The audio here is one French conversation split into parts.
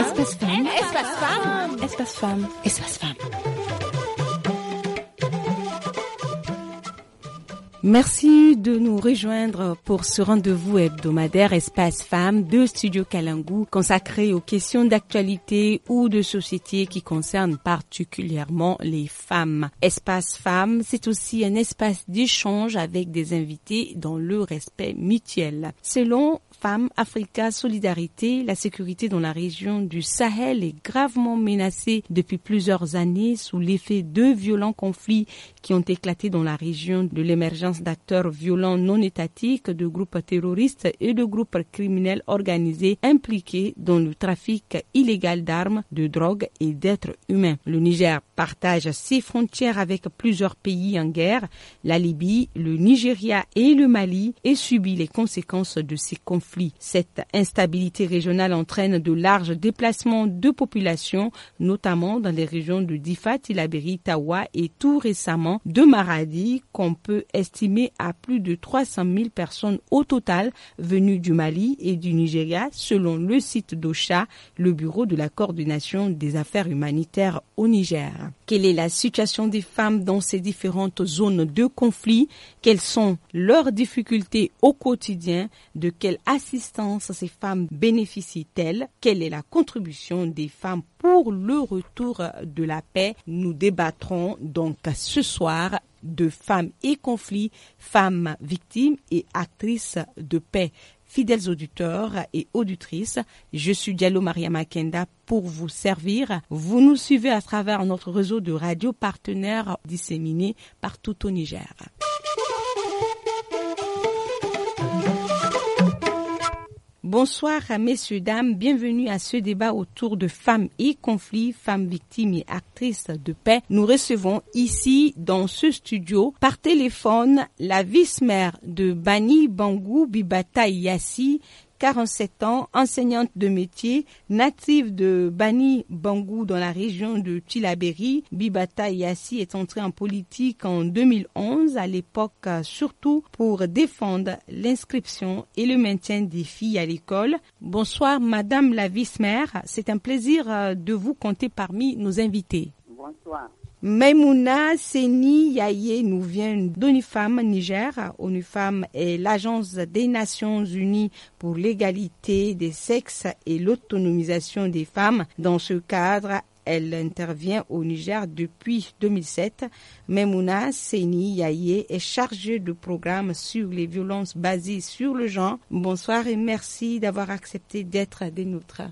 Espace femme. Espace femme. Espace femme. Espace femme. Merci de nous rejoindre pour ce rendez-vous hebdomadaire Espace Femmes de Studio Kalangu consacré aux questions d'actualité ou de société qui concernent particulièrement les femmes. Espace Femmes, c'est aussi un espace d'échange avec des invités dans le respect mutuel. Selon femmes, Africa Solidarité, la sécurité dans la région du Sahel est gravement menacée depuis plusieurs années sous l'effet de violents conflits qui ont éclaté dans la région de l'émergence d'acteurs violents non étatiques, de groupes terroristes et de groupes criminels organisés impliqués dans le trafic illégal d'armes, de drogues et d'êtres humains. Le Niger partage ses frontières avec plusieurs pays en guerre, la Libye, le Nigeria et le Mali, et subit les conséquences de ces conflits cette instabilité régionale entraîne de larges déplacements de populations, notamment dans les régions de Difat, Tilaberi, Tawa et tout récemment de Maradi, qu'on peut estimer à plus de 300 000 personnes au total venues du Mali et du Nigeria, selon le site d'OCHA, le bureau de la coordination des affaires humanitaires au Niger. Quelle est la situation des femmes dans ces différentes zones de conflit Quelles sont leurs difficultés au quotidien De quelle Assistance, ces femmes bénéficient-elles Quelle est la contribution des femmes pour le retour de la paix Nous débattrons donc ce soir de femmes et conflits, femmes victimes et actrices de paix. Fidèles auditeurs et auditrices, je suis Diallo Maria Makenda pour vous servir. Vous nous suivez à travers notre réseau de radios partenaires disséminés partout au Niger. Bonsoir à messieurs, dames. Bienvenue à ce débat autour de femmes et conflits, femmes victimes et actrices de paix. Nous recevons ici, dans ce studio, par téléphone, la vice mère de Bani Bangou Bibata Yassi, 47 ans, enseignante de métier, native de Bani Bangou dans la région de Tilaberi. Bibata Yassi est entrée en politique en 2011, à l'époque surtout pour défendre l'inscription et le maintien des filles à l'école. Bonsoir Madame la vice-maire, c'est un plaisir euh, de vous compter parmi nos invités. Bonsoir. Maimouna Seni Yaye nous vient d'UNIFAM Niger. UNIFAM est l'agence des Nations Unies pour l'égalité des sexes et l'autonomisation des femmes. Dans ce cadre, elle intervient au Niger depuis 2007. Maimouna Seni Yaye est chargée de programme sur les violences basées sur le genre. Bonsoir et merci d'avoir accepté d'être des nôtres.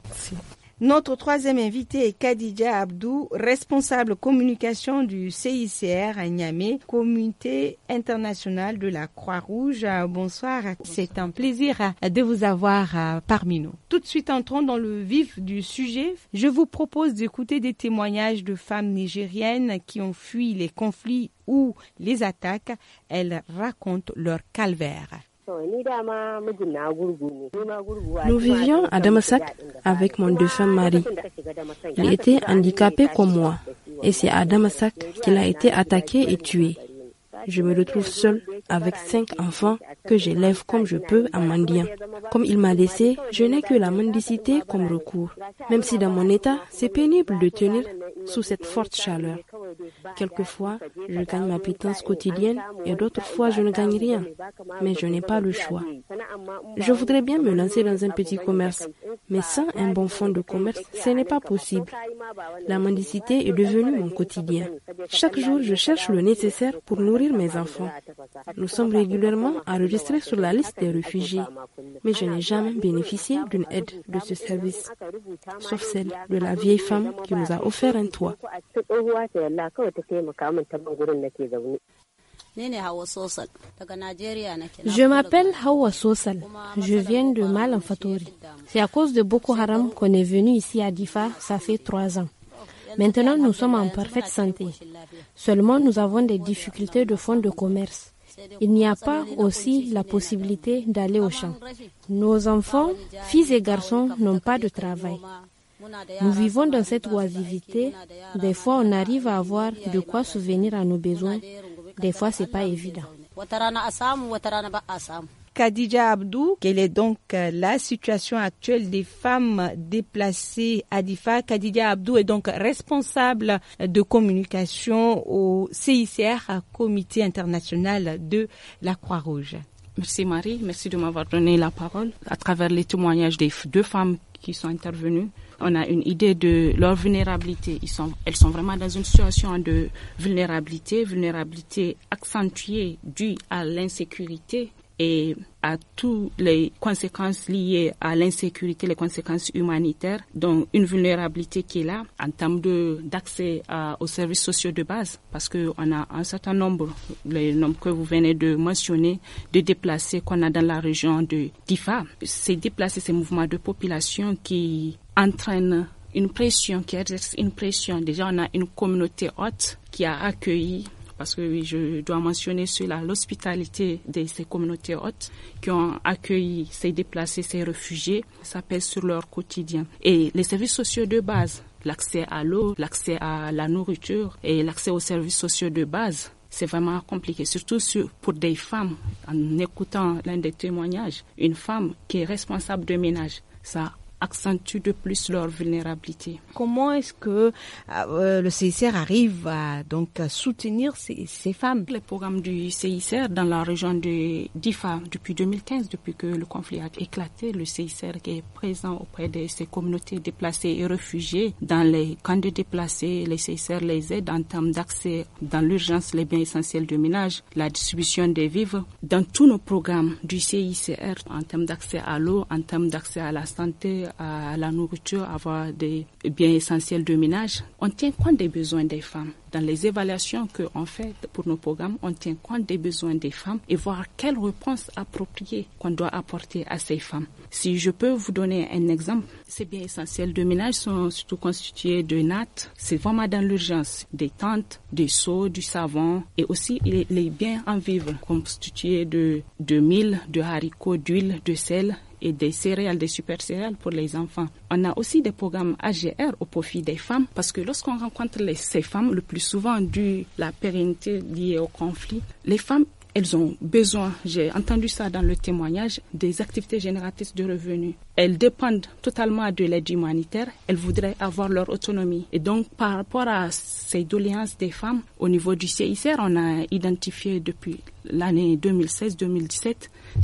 Notre troisième invité est Khadija Abdou, responsable communication du CICR à Niamey, Communauté internationale de la Croix-Rouge. Bonsoir. C'est un plaisir de vous avoir euh, parmi nous. Tout de suite, entrons dans le vif du sujet. Je vous propose d'écouter des témoignages de femmes nigériennes qui ont fui les conflits ou les attaques. Elles racontent leur calvaire. Nous vivions à Damasak avec mon défunt mari. Il était handicapé comme moi et c'est à Damasak qu'il a été attaqué et tué je me retrouve seule avec cinq enfants que j'élève comme je peux à mendiant. Comme il m'a laissé, je n'ai que la mendicité comme recours. Même si dans mon état, c'est pénible de tenir sous cette forte chaleur. Quelquefois, je gagne ma pitance quotidienne et d'autres fois, je ne gagne rien. Mais je n'ai pas le choix. Je voudrais bien me lancer dans un petit commerce, mais sans un bon fonds de commerce, ce n'est pas possible. La mendicité est devenue mon quotidien. Chaque jour, je cherche le nécessaire pour nourrir mes enfants. Nous sommes régulièrement enregistrés sur la liste des réfugiés, mais je n'ai jamais bénéficié d'une aide de ce service, sauf celle de la vieille femme qui nous a offert un toit. Je m'appelle Hawa Sosal. Je viens de Malanfatori. C'est à cause de Boko Haram qu'on est venu ici à Difa, ça fait trois ans. Maintenant, nous sommes en parfaite santé. Seulement, nous avons des difficultés de fonds de commerce. Il n'y a pas aussi la possibilité d'aller au champ. Nos enfants, filles et garçons, n'ont pas de travail. Nous vivons dans cette oisivité. Des fois, on arrive à avoir de quoi souvenir à nos besoins, des fois, c'est pas évident. Khadija Abdou, quelle est donc euh, la situation actuelle des femmes déplacées à Difa Khadija Abdou est donc responsable de communication au CICR, Comité international de la Croix-Rouge. Merci Marie, merci de m'avoir donné la parole. À travers les témoignages des deux femmes qui sont intervenues, on a une idée de leur vulnérabilité. Ils sont, elles sont vraiment dans une situation de vulnérabilité, vulnérabilité accentuée due à l'insécurité et à toutes les conséquences liées à l'insécurité, les conséquences humanitaires, donc une vulnérabilité qui est là en termes d'accès aux services sociaux de base, parce qu'on a un certain nombre, les nombre que vous venez de mentionner, de déplacés qu'on a dans la région de Tifa. Ces déplacés, ces mouvements de population qui entraînent une pression, qui exercent une pression. Déjà, on a une communauté haute qui a accueilli parce que je dois mentionner cela, l'hospitalité de ces communautés hautes qui ont accueilli ces déplacés, ces réfugiés, ça pèse sur leur quotidien. Et les services sociaux de base, l'accès à l'eau, l'accès à la nourriture et l'accès aux services sociaux de base, c'est vraiment compliqué, surtout pour des femmes. En écoutant l'un des témoignages, une femme qui est responsable de ménage, ça accentuent de plus leur vulnérabilité. Comment est-ce que euh, euh, le CICR arrive à donc à soutenir ces, ces femmes Les programmes du CICR dans la région de d'IFA depuis 2015, depuis que le conflit a éclaté, le CICR est présent auprès de ces communautés déplacées et réfugiées dans les camps de déplacés. le CICR les aide en termes d'accès dans l'urgence les biens essentiels de ménage, la distribution des vivres. Dans tous nos programmes du CICR en termes d'accès à l'eau, en termes d'accès à la santé, à la nourriture, avoir des biens essentiels de ménage, on tient compte des besoins des femmes. Dans les évaluations que qu'on fait pour nos programmes, on tient compte des besoins des femmes et voir quelle réponse appropriée qu'on doit apporter à ces femmes. Si je peux vous donner un exemple, ces biens essentiels de ménage sont surtout constitués de nattes. C'est vraiment dans l'urgence. Des tentes, des seaux, du savon et aussi les biens en vivre constitués de, de mille, de haricots, d'huile, de sel et des céréales, des super céréales pour les enfants. On a aussi des programmes AGR au profit des femmes parce que lorsqu'on rencontre les, ces femmes, le plus souvent dû à la pérennité liée au conflit, les femmes elles ont besoin, j'ai entendu ça dans le témoignage, des activités génératrices de revenus. Elles dépendent totalement de l'aide humanitaire, elles voudraient avoir leur autonomie. Et donc par rapport à ces doléances des femmes, au niveau du CICR, on a identifié depuis l'année 2016-2017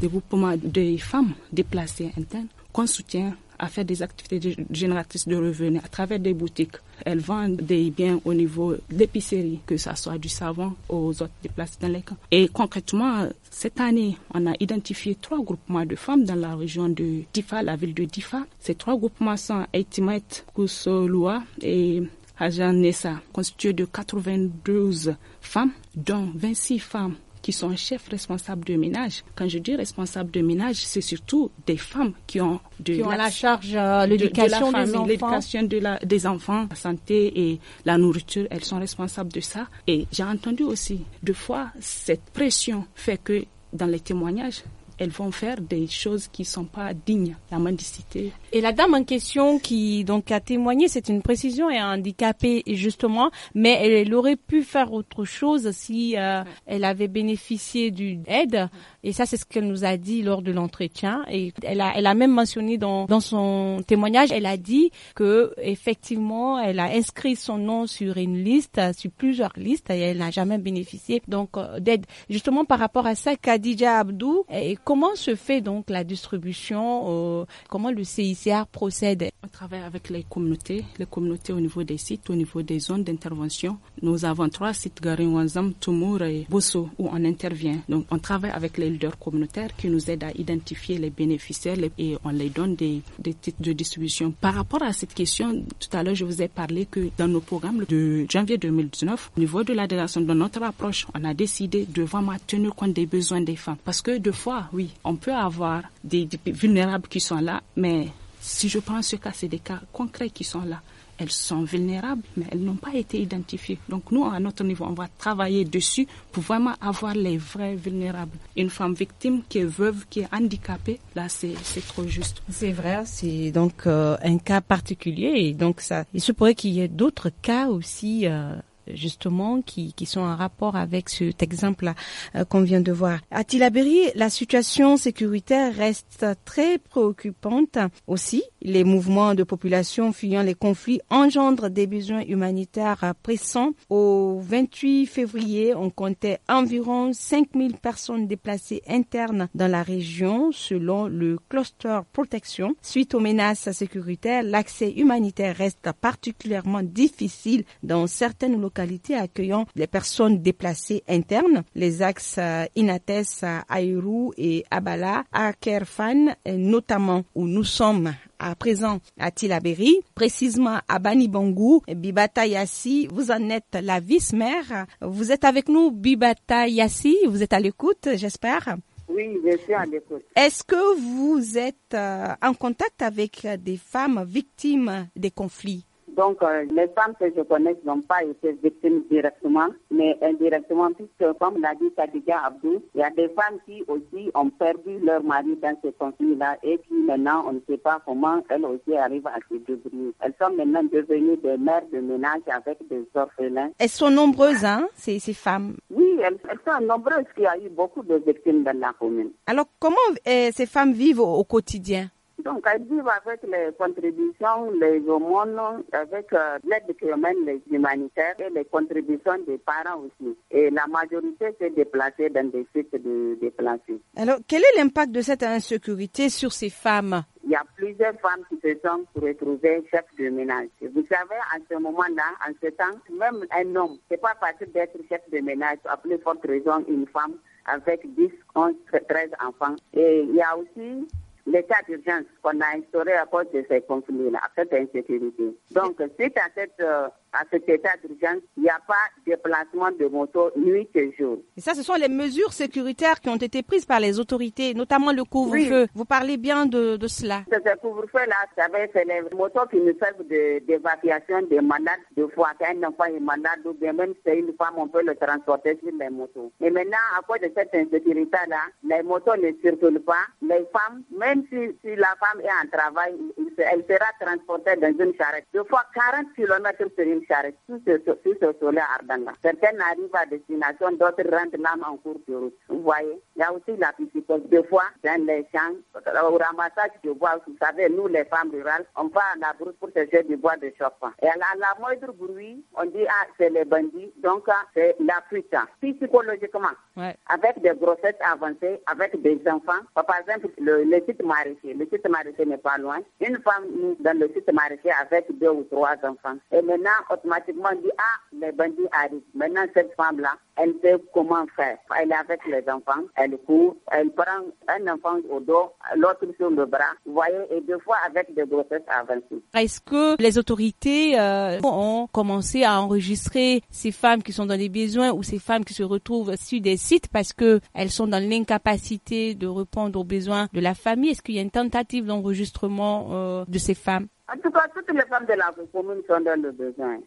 des groupements de femmes déplacées internes qu'on soutient à faire des activités génératrices de revenus à travers des boutiques. Elles vendent des biens au niveau d'épicerie, que ce soit du savon aux autres déplacés dans les camps. Et concrètement, cette année, on a identifié trois groupements de femmes dans la région de Difa, la ville de Difa. Ces trois groupements sont Aitimet, Kousoloa et Hajan Nessa, constitués de 92 femmes, dont 26 femmes qui sont chefs responsables de ménage. Quand je dis responsables de ménage, c'est surtout des femmes qui ont de qui ont la, charge euh, l'éducation de, l'éducation des enfants, la santé et la nourriture. Elles sont responsables de ça. Et j'ai entendu aussi deux fois cette pression fait que dans les témoignages, elles vont faire des choses qui ne sont pas dignes, la mendicité. Et la dame en question qui donc a témoigné, c'est une précision, est handicapée justement, mais elle, aurait pu faire autre chose si euh, elle avait bénéficié d'une aide. Et ça, c'est ce qu'elle nous a dit lors de l'entretien. Et elle a, elle a même mentionné dans, dans son témoignage, elle a dit que effectivement, elle a inscrit son nom sur une liste, sur plusieurs listes, et elle n'a jamais bénéficié donc euh, d'aide. Justement, par rapport à ça, Khadija Abdou, et Comment se fait donc la distribution Comment le CICR procède On travaille avec les communautés, les communautés au niveau des sites, au niveau des zones d'intervention. Nous avons trois sites, Garinwanzam, Tumour et Bosso, où on intervient. Donc on travaille avec les leaders communautaires qui nous aident à identifier les bénéficiaires et on les donne des, des titres de distribution. Par rapport à cette question, tout à l'heure je vous ai parlé que dans nos programmes de janvier 2019, au niveau de la délation, dans notre approche, on a décidé de vraiment tenir compte des besoins des femmes. Parce que deux fois, oui, on peut avoir des, vulnérables qui sont là, mais si je prends ce cas, c'est des cas concrets qui sont là. Elles sont vulnérables, mais elles n'ont pas été identifiées. Donc nous, à notre niveau, on va travailler dessus pour vraiment avoir les vrais vulnérables. Une femme victime qui est veuve, qui est handicapée, là, c'est trop juste. C'est vrai, c'est donc euh, un cas particulier. Et donc ça, il se pourrait qu'il y ait d'autres cas aussi euh, justement qui, qui sont en rapport avec cet exemple euh, qu'on vient de voir. À Tilaberi, la situation sécuritaire reste très préoccupante. Aussi, les mouvements de population fuyant les conflits engendrent des besoins humanitaires pressants. Au 28 février, on comptait environ 5000 personnes déplacées internes dans la région selon le cluster protection. Suite aux menaces sécuritaires, l'accès humanitaire reste particulièrement difficile dans certaines localités accueillant les personnes déplacées internes, les axes euh, Inates, euh, Aïrou et Abala, à Kerfan euh, notamment, où nous sommes à présent à Tilaberi, précisément à Banibangou, Bibata Yassi, vous en êtes la vice-maire. Vous êtes avec nous, Bibata Yassi, vous êtes à l'écoute, j'espère. Oui, je suis à l'écoute. Est-ce que vous êtes en contact avec des femmes victimes des conflits donc, euh, les femmes que je connais n'ont pas été victimes directement, mais indirectement, puisque, comme l'a dit Khadija Abdou, il y a des femmes qui aussi ont perdu leur mari dans ces conflit là et qui maintenant, on ne sait pas comment elles aussi arrivent à se devenir. Elles sont maintenant devenues des mères de ménage avec des orphelins. Elles sont nombreuses, hein, ces, femmes Oui, elles, sont nombreuses. Il y a eu beaucoup de victimes dans la commune. Alors, comment eh, ces femmes vivent au quotidien donc, elles vivent avec les contributions, les aumônes, avec euh, l'aide que mènent les humanitaires et les contributions des parents aussi. Et la majorité s'est déplacée dans des sites de déplacés. Alors, quel est l'impact de cette insécurité sur ces femmes il y a plusieurs femmes qui se sont retrouvées chefs de ménage. Vous savez, en ce moment-là, en ce temps, même un homme, c'est pas facile d'être chef de ménage, à plus forte raison une femme avec 10, 11, 13 enfants. Et il y a aussi l'état d'urgence qu'on a instauré à cause de ces conflits-là, cette insécurité. Donc, suite à cette euh, à cet état d'urgence, il n'y a pas de déplacement de moto nuit et jour. Et ça, ce sont les mesures sécuritaires qui ont été prises par les autorités, notamment le couvre-feu. Vous parlez bien de, de cela. Ce couvre-feu-là, c'est les motos qui nous servent d'évacuation de, des malades, de fois qu'un enfant est malade ou bien même c'est une femme, on peut le transporter sur les motos. Et maintenant, à cause de cette insécurité-là, les motos ne circulent pas. Les femmes, même si, si la femme est en travail, elle sera transportée dans une charrette. Deux fois 40 km sur une une charrette. Tout ce, tout soleil ardent là. Certaines arrivent à destination, d'autres rentrent là-même en cours de route. Vous voyez il y a aussi la psychose. Des fois, dans les champs, au ramassage du bois, vous savez, nous, les femmes rurales, on va à la brousse pour jeter du bois de chopin. Et à la, moindre bruit, on dit, ah, c'est les bandits, donc ah, c'est la fuite. Ah, psychologiquement, avec des grossesses avancées, avec des enfants, par exemple, le, site maraîcher, le site maraîcher n'est pas loin. Une femme, dans le site maraîcher, avec deux ou trois enfants. Et maintenant, automatiquement, on dit, ah, les bandits arrivent. Maintenant, cette femme-là, elle sait comment faire. Elle est avec les enfants, elle court, elle prend un enfant au dos, l'autre sur le bras, vous voyez, et deux fois avec des grossesses avancées. Est-ce que les autorités euh, ont commencé à enregistrer ces femmes qui sont dans les besoins ou ces femmes qui se retrouvent sur des sites parce que elles sont dans l'incapacité de répondre aux besoins de la famille Est-ce qu'il y a une tentative d'enregistrement euh, de ces femmes en tout cas, toutes les femmes de la commune sont dans le besoin.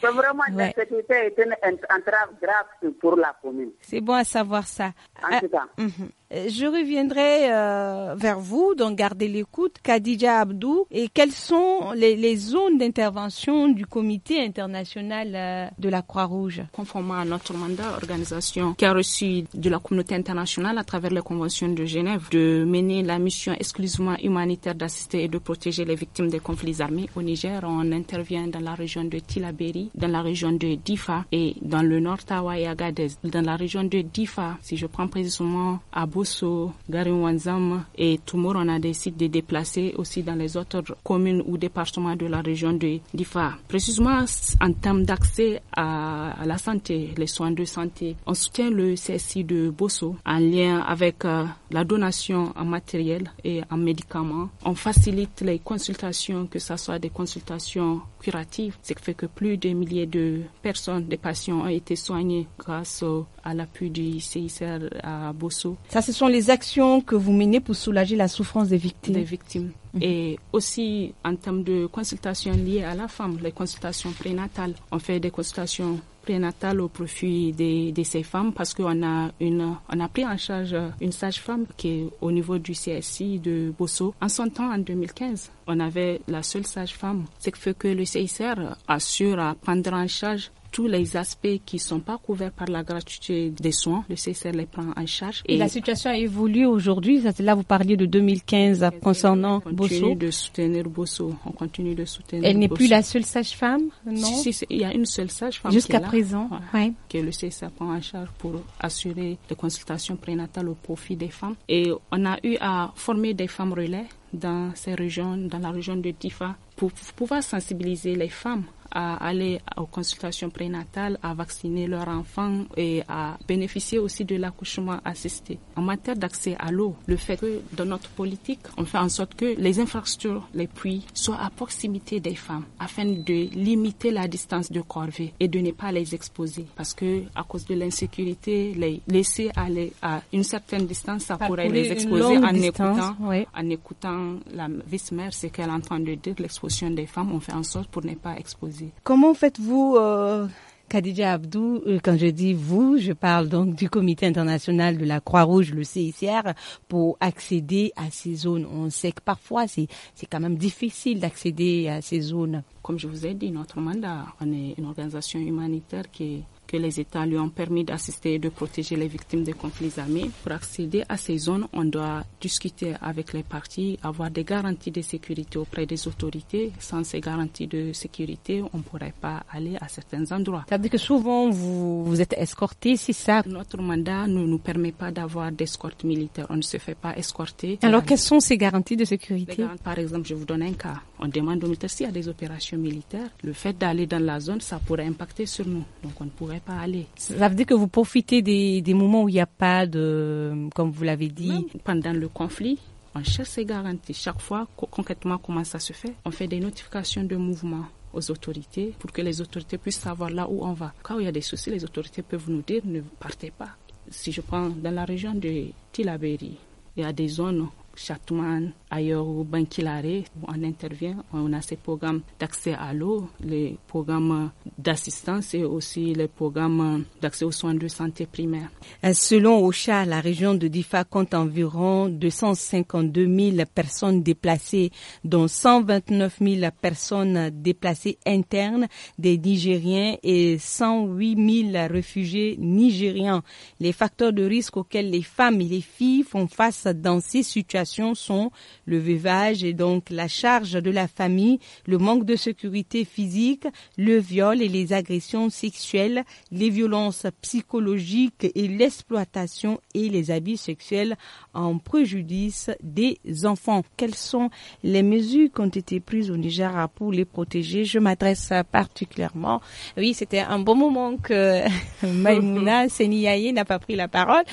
C'est vraiment grave pour la commune. C'est bon à savoir ça. Ah, mhm. euh, je reviendrai euh, vers vous, donc gardez l'écoute, Khadija Abdou. Et quelles sont les, zones d'intervention du Comité international euh, de la Croix-Rouge Conformément à notre mandat, organisation qui a reçu de la communauté internationale à travers les conventions de Genève de mener la mission exclusivement humanitaire d'assister et de protéger les victimes des conflits armés au Niger, on intervient dans la région de Tilaberi, dans la région de Difa et dans le nord Tawa Agadez. Dans la région de Difa, si je prends précisément Aboso, Garimwanzam et Tumor, on a décidé de déplacer aussi dans les autres communes ou départements de la région de Difa. Précisément en termes d'accès à la santé, les soins de santé, on soutient le CSI de Bosso en lien avec euh, la donation en matériel et en médicaments. On facilite les consultations, que ce soit des consultations curative, ce qui fait que plus de milliers de personnes, de patients ont été soignés grâce à l'appui du CICR à Bosso. Ça, ce sont les actions que vous menez pour soulager la souffrance des victimes. Des victimes. Mhm. Et aussi en termes de consultations liées à la femme, les consultations prénatales. On fait des consultations prénatale au profit de, ces femmes parce qu'on a une, on a pris en charge une sage-femme qui est au niveau du CSI de Bosso. En son temps, en 2015, on avait la seule sage-femme, ce qui fait que le CICR assure à prendre en charge tous les aspects qui ne sont pas couverts par la gratuité des soins, le CSR les prend en charge. Et, la situation a évolué aujourd'hui. Là, vous parliez de 2015 concernant Bosso. On continue de soutenir Bosso. On continue de soutenir. Elle n'est plus la seule sage-femme, non il y a une seule sage-femme. Jusqu'à présent, ouais, Que le CSR prend en charge pour assurer des consultations prénatales au profit des femmes. Et on a eu à former des femmes relais dans ces régions, dans la région de Tifa, pour pouvoir sensibiliser les femmes à aller aux consultations prénatales, à vacciner leurs enfants et à bénéficier aussi de l'accouchement assisté. En matière d'accès à l'eau, le fait que dans notre politique, on fait en sorte que les infrastructures, les puits, soient à proximité des femmes afin de limiter la distance de corvée et de ne pas les exposer. Parce que à cause de l'insécurité, les laisser aller à une certaine distance, ça pourrait les exposer en écoutant, en écoutant la vice-mère, ce qu'elle est en train de dire, l'exposition des femmes, on fait en sorte pour ne pas exposer Comment faites-vous euh, Khadija Abdou, euh, quand je dis vous, je parle donc du Comité international de la Croix-Rouge, le CICR, pour accéder à ces zones. On sait que parfois, c'est quand même difficile d'accéder à ces zones. Comme je vous ai dit, notre mandat, on est une organisation humanitaire qui est que les États lui ont permis d'assister et de protéger les victimes des conflits armés. Pour accéder à ces zones, on doit discuter avec les partis, avoir des garanties de sécurité auprès des autorités. Sans ces garanties de sécurité, on ne pourrait pas aller à certains endroits. cest à dire que souvent, vous, êtes escorté, c'est ça Notre mandat ne nous permet pas d'avoir d'escorte militaire. On ne se fait pas escorter. Alors, quelles sont ces garanties de sécurité Par exemple, je vous donne un cas. On demande aux militaires s'il y a des opérations militaires. Le fait d'aller dans la zone, ça pourrait impacter sur nous. Donc, on pourrait pas aller. Ça veut dire que vous profitez des, moments où il n'y a pas de, comme vous l'avez dit. pendant le conflit, on cherche ces garanties. Chaque fois, concrètement, comment ça se fait On fait des notifications de mouvement aux autorités pour que les autorités puissent savoir là où on va. Quand il y a des soucis, les autorités peuvent nous dire ne partez pas. Si je prends dans la région de Tilaberi, il y a des zones Chatouane, ailleurs ou où on intervient. On a ces programmes d'accès à l'eau, les programmes d'assistance et aussi les programmes d'accès aux soins de santé primaire. Euh, selon OCHA, la région de Difa compte environ 252 000 personnes déplacées, dont 129 000 personnes déplacées internes des Nigériens et 108 000 réfugiés nigériens. Les facteurs de risque auxquels les femmes et les filles font face dans ces situations sont le vivage et donc la charge de la famille, le manque de sécurité physique, le viol et les agressions sexuelles, les violences psychologiques et l'exploitation et les abus sexuels en préjudice des enfants. Quelles sont les mesures qui ont été prises au Niger pour les protéger Je m'adresse particulièrement. Oui, c'était un bon moment que Maïmouna Seniaye n'a pas pris la parole.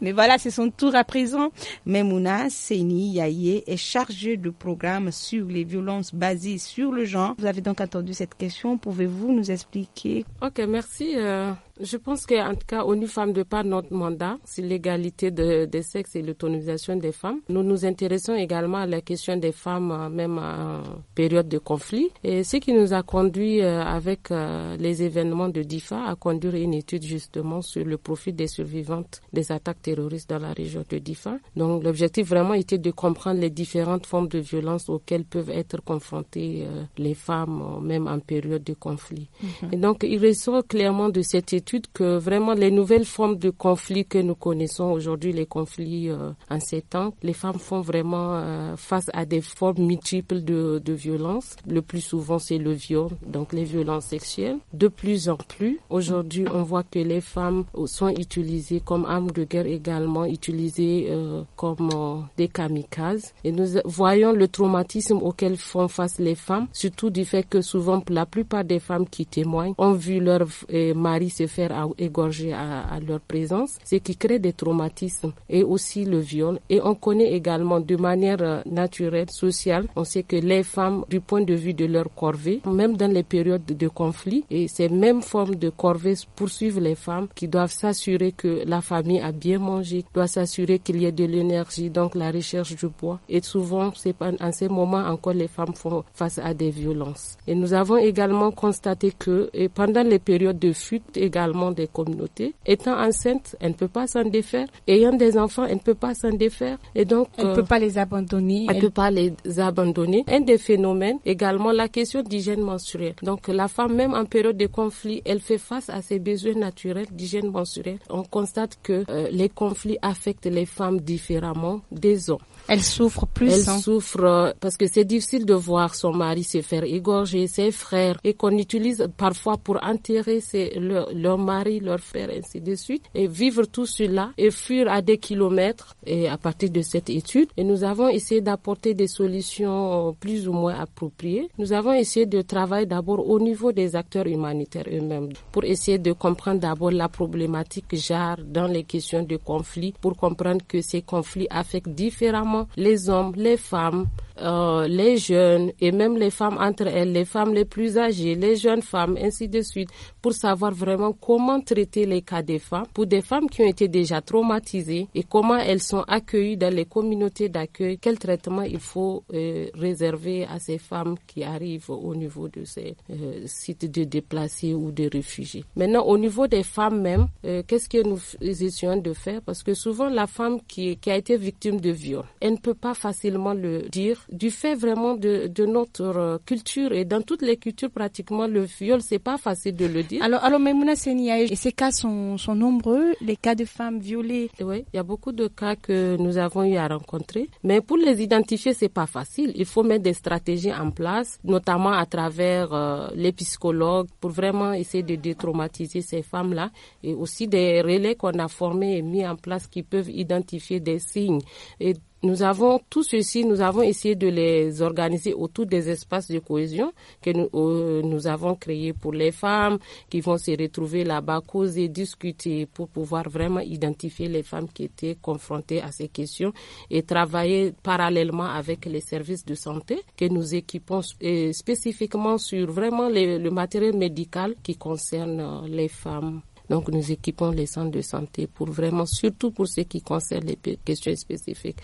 Mais voilà, c'est son tour à présent. Maïmouna c'est Béni est chargé du programme sur les violences basées sur le genre. Vous avez donc entendu cette question. Pouvez-vous nous expliquer Ok, merci. Euh, je pense qu'en tout cas, ONU Femmes, de par notre mandat c'est l'égalité des sexes et l'autonomisation des femmes, nous nous intéressons également à la question des femmes, euh, même en période de conflit. Et ce qui nous a conduit, euh, avec euh, les événements de DIFA, à conduire une étude justement sur le profit des survivantes des attaques terroristes dans la région de DIFA. Donc, l'objectif vraiment était de comprendre les différentes formes de violence auxquelles peuvent être confrontées les femmes, même en période de conflit. Mhm. Et donc, il ressort clairement de cette étude que vraiment les nouvelles formes de conflits que nous connaissons aujourd'hui, les conflits euh, en ces temps, les femmes font vraiment euh, face à des formes multiples de, de violence. Le plus souvent, c'est le viol, donc les violences sexuelles. De plus en plus, aujourd'hui, on voit que les femmes sont utilisées comme armes de guerre également, utilisées euh, comme euh, des kamikazes. Et nous voyons le traumatisme auquel font face les femmes, surtout du fait que souvent la plupart des femmes qui témoignent ont vu leur mari se faire à, égorger à, leur présence, ce qui crée des traumatismes et aussi le viol. Et on connaît également de manière euh, naturelle, sociale, on sait que les femmes, du point de vue de leur corvée, même dans les périodes de conflit, et ces mêmes formes de corvée poursuivent les femmes qui doivent s'assurer que la famille a bien mangé, doit s'assurer qu'il y ait de l'énergie, donc la recherche du bois. Et souvent, c'est en ces moments encore les femmes font face à des violences. Et nous avons également constaté que pendant les périodes de fuite également, également des communautés. Étant enceinte, elle ne peut pas s'en défaire. Ayant des enfants, elle ne peut pas s'en défaire. Et donc, elle ne euh, peut pas les abandonner. Elle ne peut pas les abandonner. Un des phénomènes, également la question d'hygiène menstruelle. Donc, la femme, même en période de conflit, elle fait face à ses besoins naturels d'hygiène menstruelle. On constate que euh, les conflits affectent les femmes différemment des hommes. Elle souffre plus. Elle hein. souffre parce que c'est difficile de voir son mari se faire égorger, ses frères, et qu'on utilise parfois pour enterrer ses, leur, mari, leur frère, ainsi de suite, et vivre tout cela et fuir à des kilomètres. Et à partir de cette étude, et nous avons essayé d'apporter des solutions euh, plus ou moins appropriées. Nous avons essayé de travailler d'abord au niveau des acteurs humanitaires eux-mêmes pour essayer de comprendre d'abord la problématique genre dans les questions de conflit, pour comprendre que ces conflits affectent différemment les hommes, les femmes, euh, les jeunes et même les femmes entre elles, les femmes les plus âgées, les jeunes femmes, ainsi de suite, pour savoir vraiment comment traiter les cas des femmes, pour des femmes qui ont été déjà traumatisées et comment elles sont accueillies dans les communautés d'accueil, quel traitement il faut euh, réserver à ces femmes qui arrivent au niveau de ces euh, sites de déplacés ou de réfugiés. Maintenant, au niveau des femmes même, qu'est-ce que nous essayons de faire Parce que souvent, la femme qui, qui a été victime de viol, elle ne peut pas facilement le dire du fait vraiment de, notre euh, culture et dans toutes les cultures pratiquement le viol, c'est pas facile de le dire. Alors, alors Mouna Senia, et ces cas sont, sont nombreux, les cas de femmes violées. Oui, il y a beaucoup de cas que nous avons eu à rencontrer, mais pour les identifier, c'est pas facile. Il faut mettre des stratégies en place, notamment à travers euh, les psychologues pour vraiment essayer de détraumatiser ces femmes-là et aussi des relais qu'on a formés et mis en place qui peuvent identifier des signes et nous avons tout ceci, nous avons essayé de les organiser autour des espaces de cohésion que euh, nous, avons créés pour les femmes qui vont se retrouver là-bas, causer, discuter pour pouvoir vraiment identifier les femmes qui étaient confrontées à ces questions et travailler parallèlement avec les services de santé que nous équipons euh, spécifiquement sur vraiment le matériel médical qui concerne euh, les femmes. Donc nous équipons les centres de santé pour vraiment, surtout pour ce qui concerne les questions spécifiques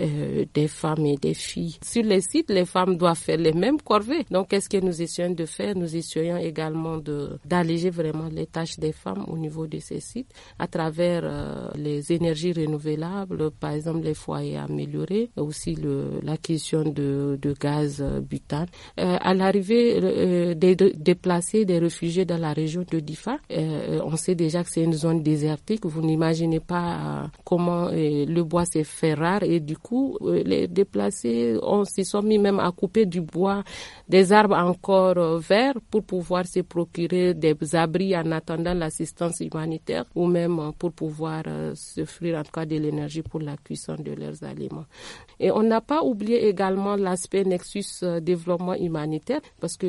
euh, des femmes et des filles. Sur les sites, les femmes doivent faire les mêmes corvées. Donc qu'est-ce que nous essayons de faire Nous essayons également de d'alléger vraiment les tâches des femmes au niveau de ces sites à travers euh, les énergies renouvelables, par exemple les foyers améliorés, aussi le, la question de, de gaz euh, butane. Euh, à l'arrivée euh, des déplacés, des réfugiés dans la région de Difa, on sait déjà que c'est une zone désertique. Vous n'imaginez pas euh, comment euh, le bois s'est fait rare et du coup, euh, les déplacés, on s'y sont mis même à couper du bois, des arbres encore verts pour pouvoir se procurer des abris en attendant l'assistance humanitaire ou même pour pouvoir s'offrir en tout cas de l'énergie pour la cuisson de leurs aliments. Et on n'a pas oublié également l'aspect nexus développement humanitaire parce que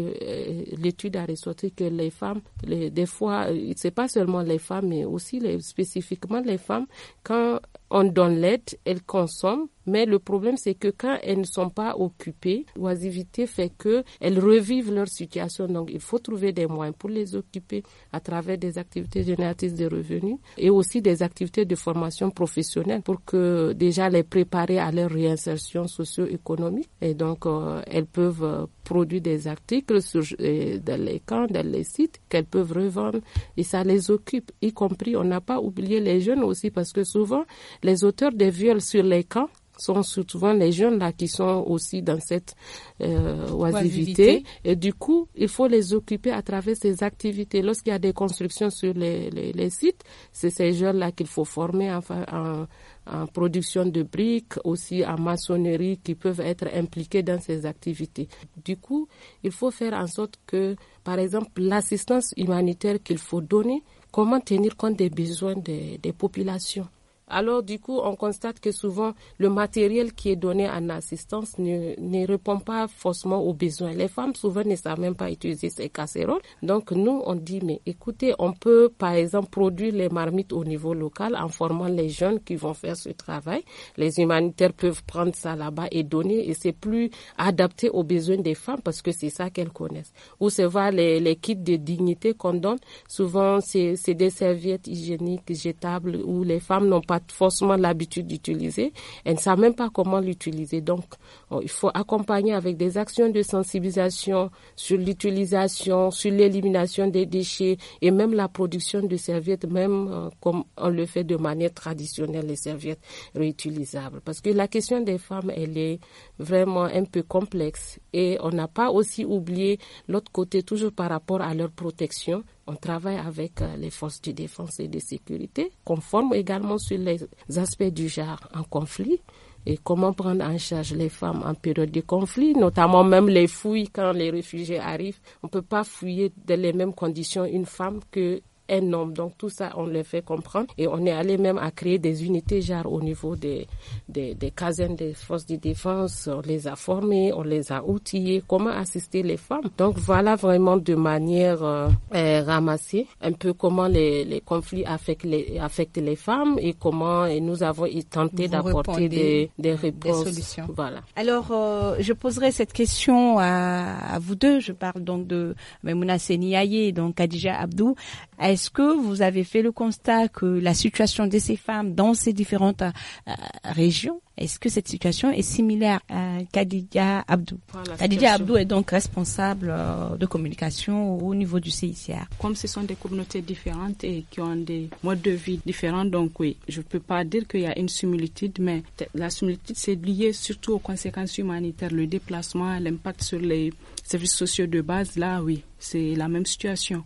l'étude a ressorti que les femmes, des fois, c'est pas seulement les femmes, mais aussi spécifiquement les femmes, quand on donne l'aide, elles consomment mais le problème, c'est que quand elles ne sont pas occupées, l'oisivité fait qu'elles revivent leur situation. Donc, il faut trouver des moyens pour les occuper à travers des activités génératrices de revenus et aussi des activités de formation professionnelle pour que déjà les préparer à leur réinsertion socio-économique. Et donc, euh, elles peuvent euh, produire des articles sur, euh, dans les camps, dans les sites qu'elles peuvent revendre et ça les occupe, y compris, on n'a pas oublié les jeunes aussi parce que souvent, les auteurs des viols sur les camps sont souvent les jeunes là qui sont aussi dans cette euh, oisivité. Et du coup, il faut les occuper à travers ces activités. Lorsqu'il y a des constructions sur les, les, les sites, c'est ces jeunes là qu'il faut former en, en, en, production de briques, aussi en maçonnerie, qui peuvent être impliqués dans ces activités. Du coup, il faut faire en sorte que, par exemple, l'assistance humanitaire qu'il faut donner, comment tenir compte des besoins des, des populations alors du coup, on constate que souvent, le matériel qui est donné en assistance ne, ne répond pas forcément aux besoins. Les femmes, souvent, ne savent même pas utiliser ces casseroles. Donc nous, on dit, mais écoutez, on peut, par exemple, produire les marmites au niveau local en formant les jeunes qui vont faire ce travail. Les humanitaires peuvent prendre ça là-bas et donner, et c'est plus adapté aux besoins des femmes parce que c'est ça qu'elles connaissent. Ou c'est voir les, les kits de dignité qu'on donne, souvent, c'est des serviettes hygiéniques, jetables, où les femmes n'ont pas forcément l'habitude d'utiliser. elle ne savent même pas comment l'utiliser. Donc, euh, il faut accompagner avec des actions de sensibilisation sur l'utilisation, sur l'élimination des déchets et même la production de serviettes, même euh, comme on le fait de manière traditionnelle, les serviettes réutilisables. Parce que la question des femmes, elle est vraiment un peu complexe. Et on n'a pas aussi oublié l'autre côté, toujours par rapport à leur protection on travaille avec euh, les forces de défense et de sécurité, conforme également sur les aspects du genre en conflit et comment prendre en charge les femmes en période de conflit, notamment même les fouilles quand les réfugiés arrivent. On ne peut pas fouiller dans les mêmes conditions une femme que un homme. Donc tout ça, on les fait comprendre. Et on est allé même à créer des unités genre au niveau des, des, des casernes des forces de défense. On les a formés, on les a outillés, comment assister les femmes. Donc voilà vraiment de manière euh, euh, ramassée un peu comment les, les conflits affectent les, affectent les femmes et comment et nous avons tenté d'apporter des, des réponses. Des solutions. Voilà. Alors euh, je poserai cette question à, à, vous deux. Je parle donc de Memouna Seniaye et donc Khadija Abdou. Est-ce que vous avez fait le constat que la situation de ces femmes dans ces différentes euh, régions, est-ce que cette situation est similaire à Kadidia Abdou Kadidia Abdou est donc responsable euh, de communication au niveau du CICR. Comme ce sont des communautés différentes et qui ont des modes de vie différents, donc oui, je ne peux pas dire qu'il y a une similitude, mais la similitude, c'est lié surtout aux conséquences humanitaires, le déplacement, l'impact sur les services sociaux de base. Là, oui, c'est la même situation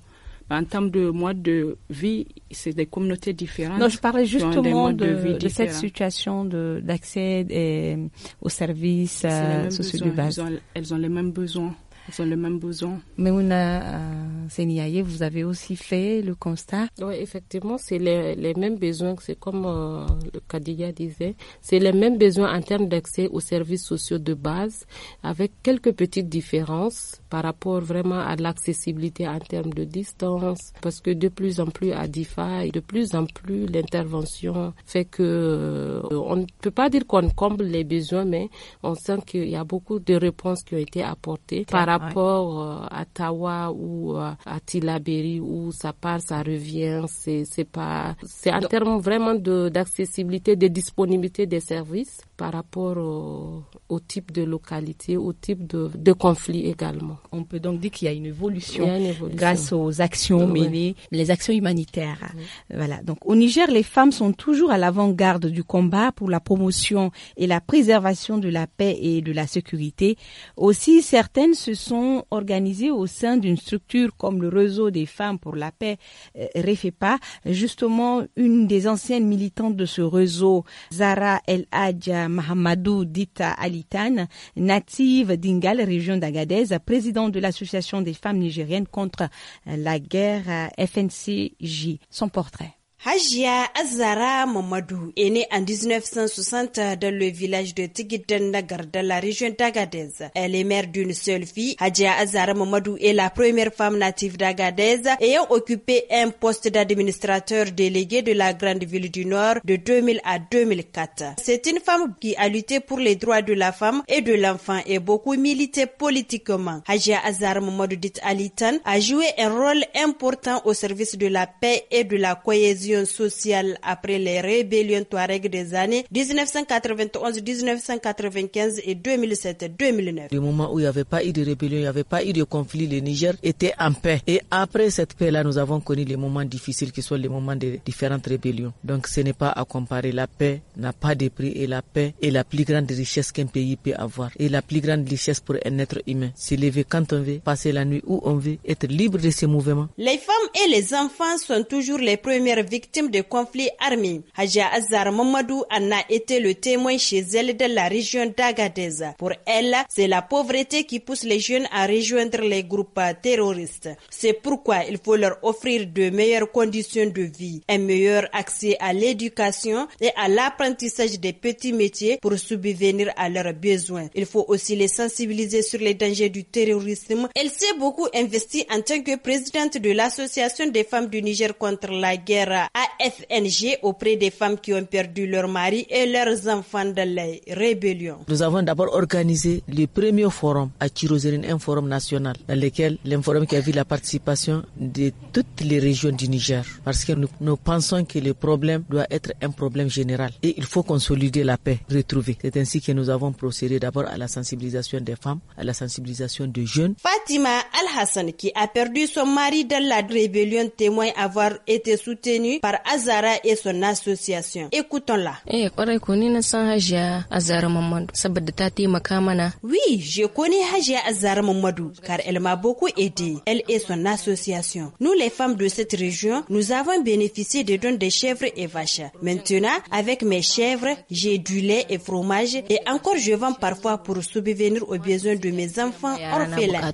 en termes de mode de vie, c'est des communautés différentes. Non, je parlais justement de, cette situation d'accès euh, aux services euh, sociaux de base. Elles ont, les mêmes besoins. Elles ont les mêmes besoins. Mais on a, vous avez aussi fait le constat. Oui, effectivement, c'est les, mêmes besoins. C'est comme euh, le Kadiga disait, c'est les mêmes besoins en termes d'accès aux services sociaux de base, avec quelques petites différences par rapport vraiment à l'accessibilité en termes de distance, parce que de plus en plus à DIFA, de plus en plus l'intervention fait que euh, on ne peut pas dire qu'on comble les besoins, mais on sent qu'il y a beaucoup de réponses qui ont été apportées par rapport euh, à Tawa ou euh, à Tilaberi où ça part, ça revient, c'est pas, c'est en termes vraiment d'accessibilité, de, disponibilité des services par rapport au, type de localité, au type de conflit également. On peut donc dire qu'il y a une évolution, grâce aux actions menées, les actions humanitaires. Voilà. Donc au Niger, les femmes sont toujours à l'avant-garde du combat pour la promotion et la préservation de la paix et de la sécurité. Aussi, certaines se sont organisées au sein d'une structure comme le réseau des femmes pour la paix, euh, REFEPA. Justement, une des anciennes militantes de ce réseau, Zara El Hadja Mahamadou Dita Alitane, native d'Ingal, région d'Agadez, présidé président de l'Association des femmes nigériennes contre la guerre euh, FNCJ. Son portrait. Hajia Azara Mamadou est née en 1960 dans le village de Tigitendagar dans la région d'Agadez. Elle est mère d'une seule fille. Hajia Azara Mamadou est la première femme native d'Agadez ayant occupé un poste d'administrateur délégué de la grande ville du Nord de 2000 à 2004. C'est une femme qui a lutté pour les droits de la femme et de l'enfant et beaucoup milité politiquement. Hajia Azara Mamadou dit Alitan a joué un rôle important au service de la paix et de la cohésion sociale après les rébellions Touareg des années 1991, 1995 et 2007-2009. Du moment où il n'y avait pas eu de rébellion, il n'y avait pas eu de conflit, le Niger était en paix. Et après cette paix-là, nous avons connu les moments difficiles qui sont les moments des différentes rébellions. Donc ce n'est pas à comparer. La paix n'a pas de prix et la paix est la plus grande richesse qu'un pays peut avoir. Et la plus grande richesse pour un être humain. S'élever quand on veut, passer la nuit où on veut, être libre de ses mouvements. Les femmes et les enfants sont toujours les premières victimes victimes de conflits armés. Haja Azar Mamadou en a été le témoin chez elle de la région d'Agadeza. Pour elle, c'est la pauvreté qui pousse les jeunes à rejoindre les groupes terroristes. C'est pourquoi il faut leur offrir de meilleures conditions de vie, un meilleur accès à l'éducation et à l'apprentissage des petits métiers pour subvenir à leurs besoins. Il faut aussi les sensibiliser sur les dangers du terrorisme. Elle s'est beaucoup investie en tant que présidente de l'Association des femmes du Niger contre la guerre AFNG auprès des femmes qui ont perdu leur mari et leurs enfants dans la rébellion. Nous avons d'abord organisé le premier forum à Kirozerine, un forum national, dans lequel l'inforum qui a vu la participation de toutes les régions du Niger. Parce que nous, nous pensons que le problème doit être un problème général et il faut consolider la paix retrouvée. C'est ainsi que nous avons procédé d'abord à la sensibilisation des femmes, à la sensibilisation des jeunes. Fatima Al-Hassan, qui a perdu son mari dans la rébellion, témoigne avoir été soutenue par Azara et son association. Écoutons-la. Eh, Oui, je connais Azara Mamadou car elle m'a beaucoup aidé. Elle et son association. Nous les femmes de cette région, nous avons bénéficié des dons des chèvres et vaches. Maintenant, avec mes chèvres, j'ai du lait et fromage et encore je vends parfois pour subvenir aux besoins de mes enfants orphelins.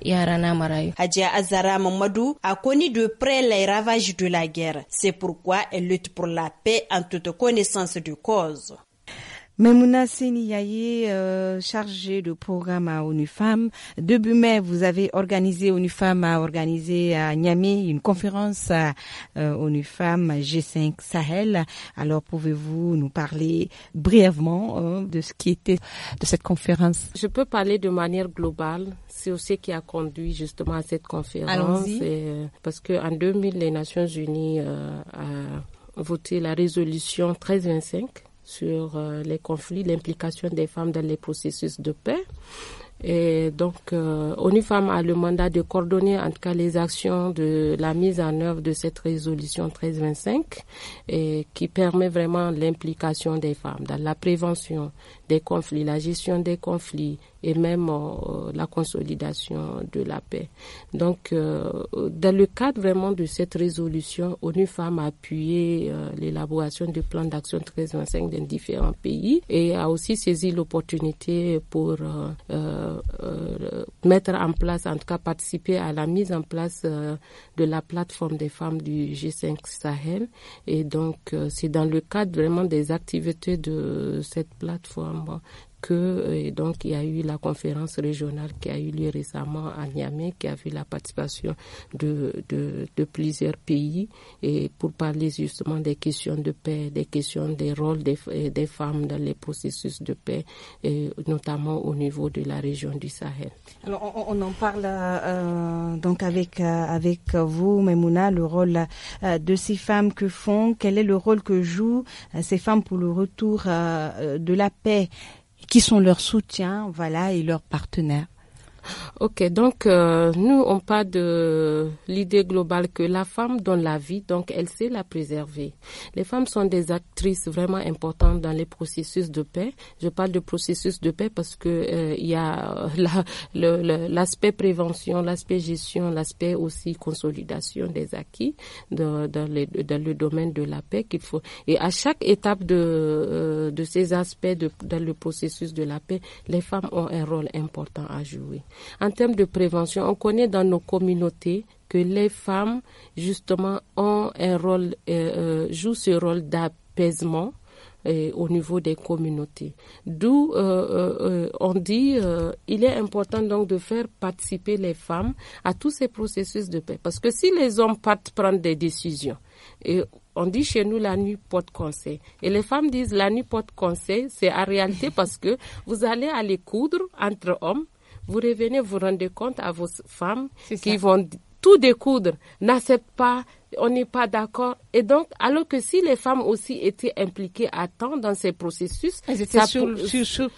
Azara Mamadou a connu de près les ravages de la guerre. C'est pourquoi et lutte pour la paix en toute connaissance de cause. Memouna Séniaïe, euh, chargée de programme à ONU Femmes. Début mai, vous avez organisé, ONU Femmes a organisé à Niamey une conférence à euh, ONU Femmes G5 Sahel. Alors, pouvez-vous nous parler brièvement hein, de ce qui était de cette conférence Je peux parler de manière globale. C'est aussi qui a conduit justement à cette conférence. Euh, parce que en 2000, les Nations Unies ont euh, voté la résolution 1325 sur euh, les conflits, l'implication des femmes dans les processus de paix. Et donc, euh, ONU Femmes a le mandat de coordonner en tout cas les actions de la mise en œuvre de cette résolution 1325 qui permet vraiment l'implication des femmes dans la prévention des conflits, la gestion des conflits et même euh, la consolidation de la paix. Donc, euh, dans le cadre vraiment de cette résolution, ONU Femmes a appuyé euh, l'élaboration du plan d'action 1325 dans différents pays et a aussi saisi l'opportunité pour mettre en place, en tout cas participer à la mise en place de la plateforme des femmes du G5 Sahel. Et donc, c'est dans le cadre vraiment des activités de cette plateforme como que euh, et donc il y a eu la conférence régionale qui a eu lieu récemment à Niamey, qui a vu la participation de, de, plusieurs pays et pour parler justement des questions de paix, des questions des rôles des, euh, des femmes dans les processus de paix, notamment au niveau de la région du Sahel. Alors on, en parle euh, donc avec avec vous, Memouna, le rôle de ces femmes que font, quel est le rôle que jouent ces femmes pour le retour de la paix qui sont leurs soutiens, voilà, et leurs partenaires. Ok, donc euh, nous, on parle de l'idée globale que la femme donne la vie, donc elle sait la préserver. Les femmes sont des actrices vraiment importantes dans les processus de paix. Je parle de processus de paix parce que euh, y a euh, l'aspect prévention, l'aspect gestion, l'aspect aussi consolidation des acquis dans, le domaine de la paix qu'il faut. Et à chaque étape de, ces aspects dans le processus de la paix, les femmes ont un rôle important à jouer. En termes de prévention, on connaît dans nos communautés que les femmes, justement, ont un rôle, euh, euh, jouent ce rôle d'apaisement euh, au niveau des communautés. D'où on dit il est important donc de faire participer les femmes à tous ces processus de paix. Parce que si les hommes partent prendre des décisions, et on dit chez nous la nuit porte conseil. Et les femmes disent la nuit porte conseil, c'est en réalité parce que vous allez aller coudre entre hommes vous revenez, vous rendez compte à vos femmes qui vont tout découdre. n'acceptent pas on n'est pas d'accord. Et donc, alors que si les femmes aussi étaient impliquées à temps dans ces processus, elles étaient sur,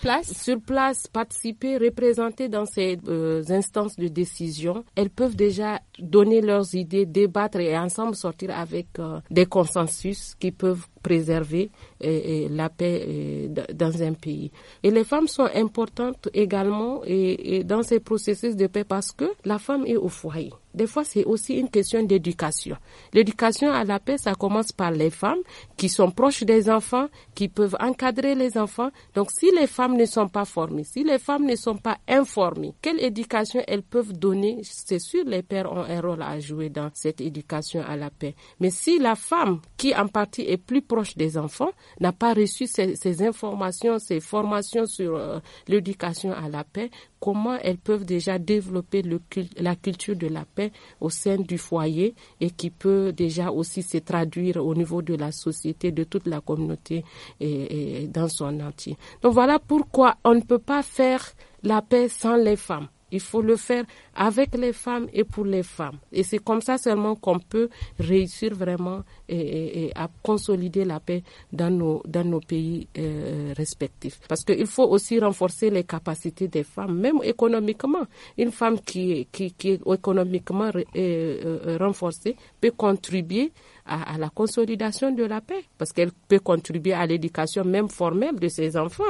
place, sur place, participer, représenter dans ces euh, instances de décision, elles peuvent déjà donner leurs idées, débattre et ensemble sortir avec euh, des consensus qui peuvent préserver euh, la paix dans un pays. Et les femmes sont importantes également et, dans ces processus de paix parce que la femme est au foyer. Des fois, c'est aussi une question d'éducation. L'éducation à la paix, ça commence par les femmes qui sont proches des enfants, qui peuvent encadrer les enfants. Donc si les femmes ne sont pas formées, si les femmes ne sont pas informées, quelle éducation elles peuvent donner C'est sûr, les pères ont un rôle à jouer dans cette éducation à la paix. Mais si la femme, qui en partie est plus proche des enfants, n'a pas reçu ces, informations, ces formations sur euh, l'éducation à la paix, comment elles peuvent déjà développer le, la culture de la paix au sein du foyer et qui peut peut déjà aussi se traduire au niveau de la société, de toute la communauté et, et dans son entier. Donc voilà pourquoi on ne peut pas faire la paix sans les femmes. Il faut le faire avec les femmes et pour les femmes. Et c'est comme ça seulement qu'on peut réussir vraiment et, à consolider la paix dans nos, dans nos pays euh, respectifs. Parce qu'il faut aussi renforcer les capacités des femmes, même économiquement. Une femme qui, qui, qui est économiquement euh, euh, renforcée peut contribuer à, la consolidation de la paix, parce qu'elle peut contribuer à l'éducation même formelle de ses enfants.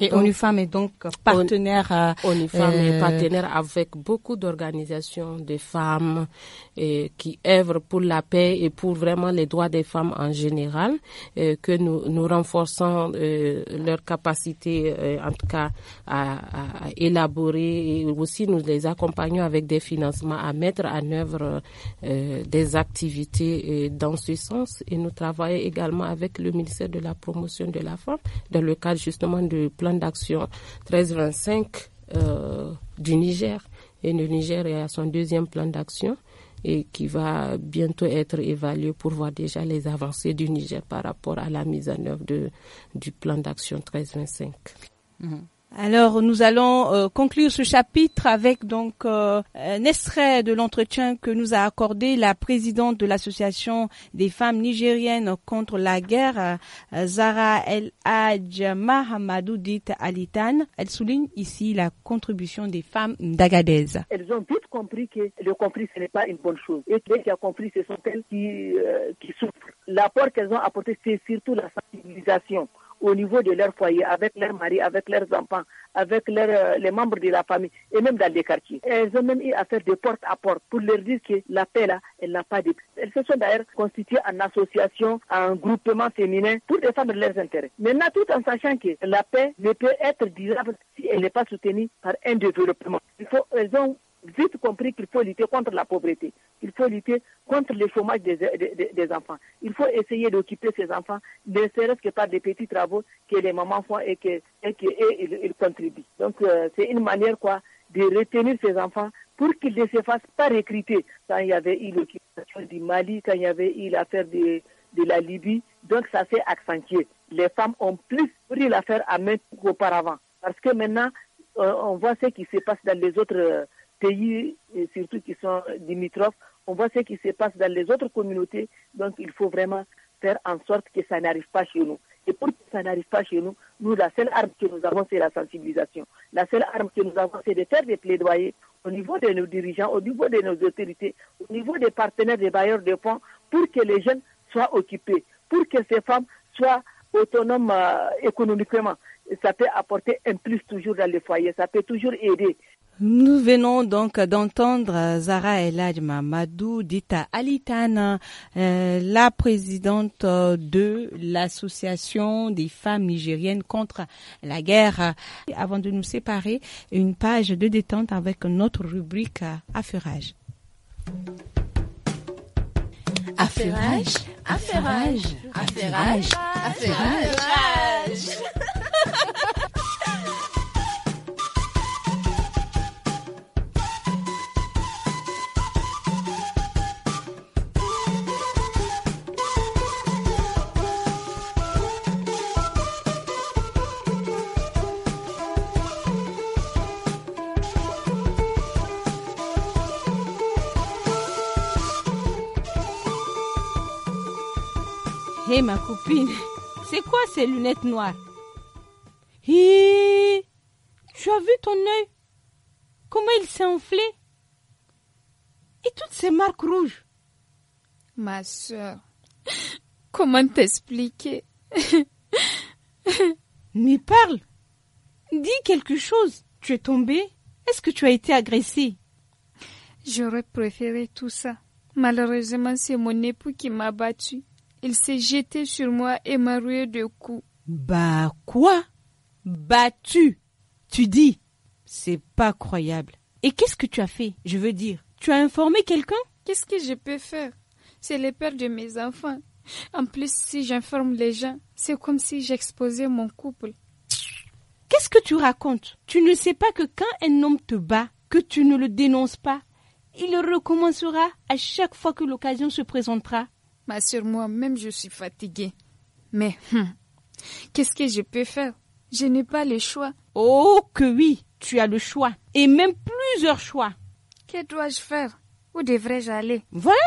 Et ONU ONUFAM est donc partenaire. Euh, est partenaire avec beaucoup d'organisations de femmes et qui œuvrent pour la paix et pour vraiment les droits des femmes en général, euh, que nous, nous renforçons euh, leur capacité, euh, en tout cas, à, à, élaborer et aussi nous les accompagnons avec des financements à mettre en œuvre des activités dans ce sens. Et nous travaillons également avec le ministère de la Promotion de la Femme dans le cadre justement du plan d'action 1325 du Niger. Et le Niger est à son deuxième plan d'action et qui va bientôt être évalué pour voir déjà les avancées du Niger par rapport à la mise en œuvre de, du plan d'action 1325. Alors nous allons euh, conclure ce chapitre avec donc euh, un extrait de l'entretien que nous a accordé la présidente de l'association des femmes nigériennes contre la guerre, euh, Zara El Hadj Mahamadou Alitan. Elle souligne ici la contribution des femmes d'Agadez. Elles ont toutes compris que le conflit ce n'est pas une bonne chose et que les qui ont compris ce sont elles qui, qui souffrent. L'apport qu'elles ont apporté c'est surtout la sensibilisation au niveau de leur foyer, avec leurs maris, avec leurs enfants, avec euh, les membres de la famille et même dans les quartiers. Elles ont même eu à faire de porte à porte pour leur dire que la paix là, elle n'a pas de Elles se sont d'ailleurs constituées en association, en groupement féminin pour défendre leurs intérêts. Maintenant, tout en sachant que la paix ne peut être durable si elle n'est pas soutenue par un développement. Il faut, vite compris qu'il faut lutter contre la pauvreté, il faut lutter contre le chômage des, des, enfants. Il faut essayer d'occuper ces enfants, ne serait-ce que par des petits travaux que les mamans font et que, et contribuent. Donc euh, c'est une manière quoi de retenir ces enfants pour qu'ils ne se fassent pas recruter quand il y avait eu l'occupation du Mali, quand il y avait eu l'affaire de, de la Libye. Donc ça s'est accentué. Les femmes ont plus pris l'affaire à main qu'auparavant. Parce que maintenant, euh, on voit ce qui se passe dans les autres euh, pays, surtout qui sont limitrophes, on voit ce qui se passe dans les autres communautés. Donc, il faut vraiment faire en sorte que ça n'arrive pas chez nous. Et pour que ça n'arrive pas chez nous, nous, la seule arme que nous avons, c'est la sensibilisation. La seule arme que nous avons, c'est de faire des plaidoyers au niveau de nos dirigeants, au niveau de nos autorités, au niveau des partenaires des bailleurs de fonds, pour que les jeunes soient occupés, pour que ces femmes soient autonomes euh, économiquement. Ça peut apporter un plus toujours dans les foyers, ça peut toujours aider. Nous venons donc d'entendre Zara Elad Mamadou, dita Alitana, euh, la présidente euh, de l'association des femmes nigériennes contre la guerre. avant de nous séparer, une page de détente avec notre rubrique Affairage. Affaire, affairage, Affaire. affairage. ma copine, c'est quoi ces lunettes noires Hé, Tu as vu ton œil Comment il s'est enflé Et toutes ces marques rouges Ma soeur, comment t'expliquer Mais parle Dis quelque chose Tu es tombée Est-ce que tu as été agressée J'aurais préféré tout ça. Malheureusement, c'est mon époux qui m'a battue. Il s'est jeté sur moi et m'a rué de coups. Bah quoi Battu Tu dis C'est pas croyable. Et qu'est-ce que tu as fait Je veux dire, tu as informé quelqu'un Qu'est-ce que je peux faire C'est le père de mes enfants. En plus, si j'informe les gens, c'est comme si j'exposais mon couple. Qu'est-ce que tu racontes Tu ne sais pas que quand un homme te bat, que tu ne le dénonces pas, il recommencera à chaque fois que l'occasion se présentera. Sur moi-même, je suis fatiguée. Mais, hum, qu'est-ce que je peux faire Je n'ai pas le choix. Oh, que oui, tu as le choix. Et même plusieurs choix. Que dois-je faire Où devrais-je aller Voilà.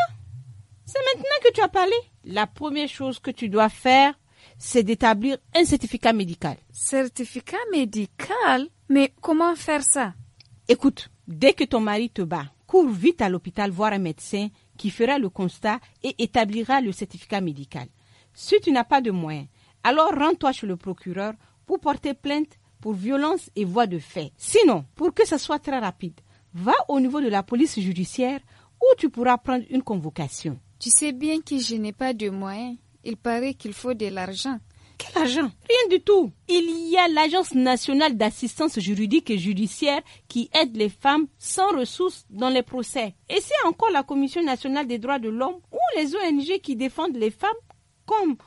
C'est maintenant que tu as parlé. La première chose que tu dois faire, c'est d'établir un certificat médical. Certificat médical Mais comment faire ça Écoute, dès que ton mari te bat, cours vite à l'hôpital voir un médecin qui fera le constat et établira le certificat médical. Si tu n'as pas de moyens, alors rends-toi chez le procureur pour porter plainte pour violence et voie de fait. Sinon, pour que ce soit très rapide, va au niveau de la police judiciaire où tu pourras prendre une convocation. Tu sais bien que je n'ai pas de moyens. Il paraît qu'il faut de l'argent. Quel agent Rien du tout. Il y a l'Agence nationale d'assistance juridique et judiciaire qui aide les femmes sans ressources dans les procès. Et c'est encore la Commission nationale des droits de l'homme ou les ONG qui défendent les femmes comme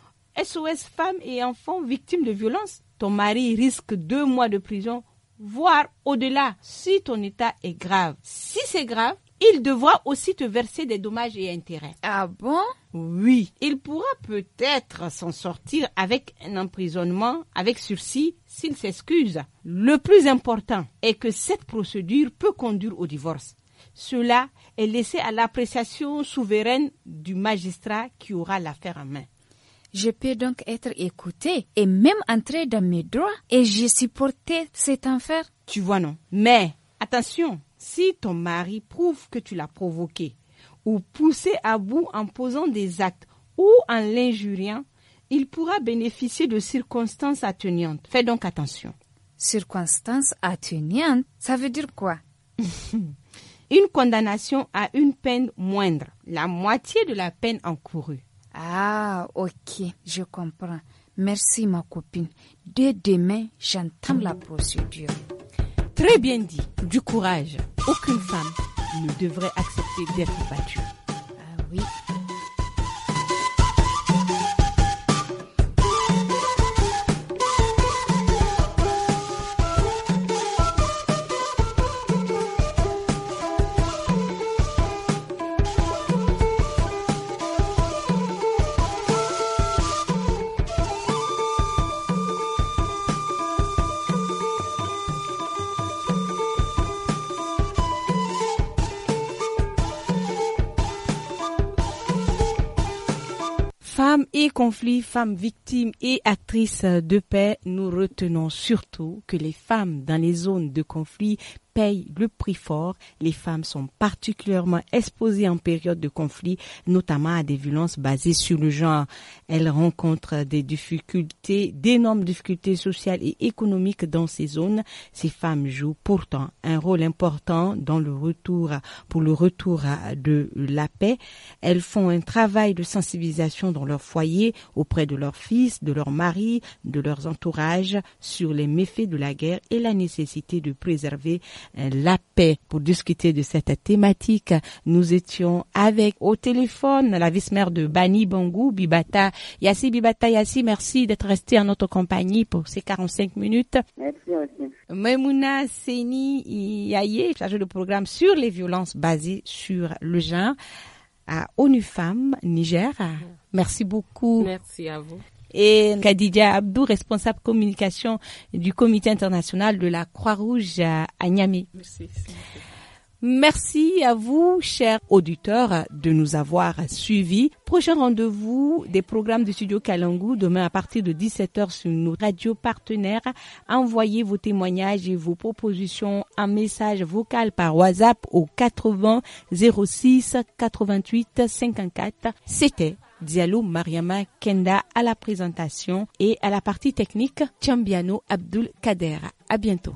SOS Femmes et Enfants victimes de violences. Ton mari risque deux mois de prison voire au-delà si ton état est grave. Si c'est grave, il devra aussi te verser des dommages et intérêts. Ah bon Oui, il pourra peut-être s'en sortir avec un emprisonnement, avec sursis, s'il s'excuse. Le plus important est que cette procédure peut conduire au divorce. Cela est laissé à l'appréciation souveraine du magistrat qui aura l'affaire en main. Je peux donc être écouté et même entrer dans mes droits et j'ai supporté cet enfer. Tu vois, non. Mais attention, si ton mari prouve que tu l'as provoqué ou poussé à bout en posant des actes ou en l'injuriant, il pourra bénéficier de circonstances atténuantes. Fais donc attention. Circonstances atténuantes, ça veut dire quoi Une condamnation à une peine moindre, la moitié de la peine encourue. Ah, ok, je comprends. Merci ma copine. Dès demain, j'entends la procédure très bien dit, du courage. Aucune femme ne devrait accepter d'être battue. conflit, femmes victimes et actrices de paix, nous retenons surtout que les femmes dans les zones de conflit le prix fort. Les femmes sont particulièrement exposées en période de conflit, notamment à des violences basées sur le genre. Elles rencontrent des difficultés, d'énormes difficultés sociales et économiques dans ces zones. Ces femmes jouent pourtant un rôle important dans le retour, pour le retour de la paix. Elles font un travail de sensibilisation dans leur foyer, auprès de leurs fils, de leurs maris, de leurs entourages, sur les méfaits de la guerre et la nécessité de préserver la paix. Pour discuter de cette thématique, nous étions avec au téléphone la vice-maire de Bani Bangou, Bibata Yassi. Bibata Yassi, merci d'être resté en notre compagnie pour ces 45 minutes. Merci aussi. Memouna Seni Yaye, chargée de programme sur les violences basées sur le genre à ONU Femmes Niger. Merci beaucoup. Merci à vous et Kadidia Abdou, responsable communication du Comité international de la Croix-Rouge à Niamey. Merci. Merci à vous, chers auditeurs, de nous avoir suivis. Prochain rendez-vous des programmes du studio Kalangu demain à partir de 17h sur nos radios partenaires. Envoyez vos témoignages et vos propositions en message vocal par WhatsApp au 80 06 88 54. C'était Diallo Mariama Kenda à la présentation et à la partie technique Chambiano Abdul Kader. À bientôt.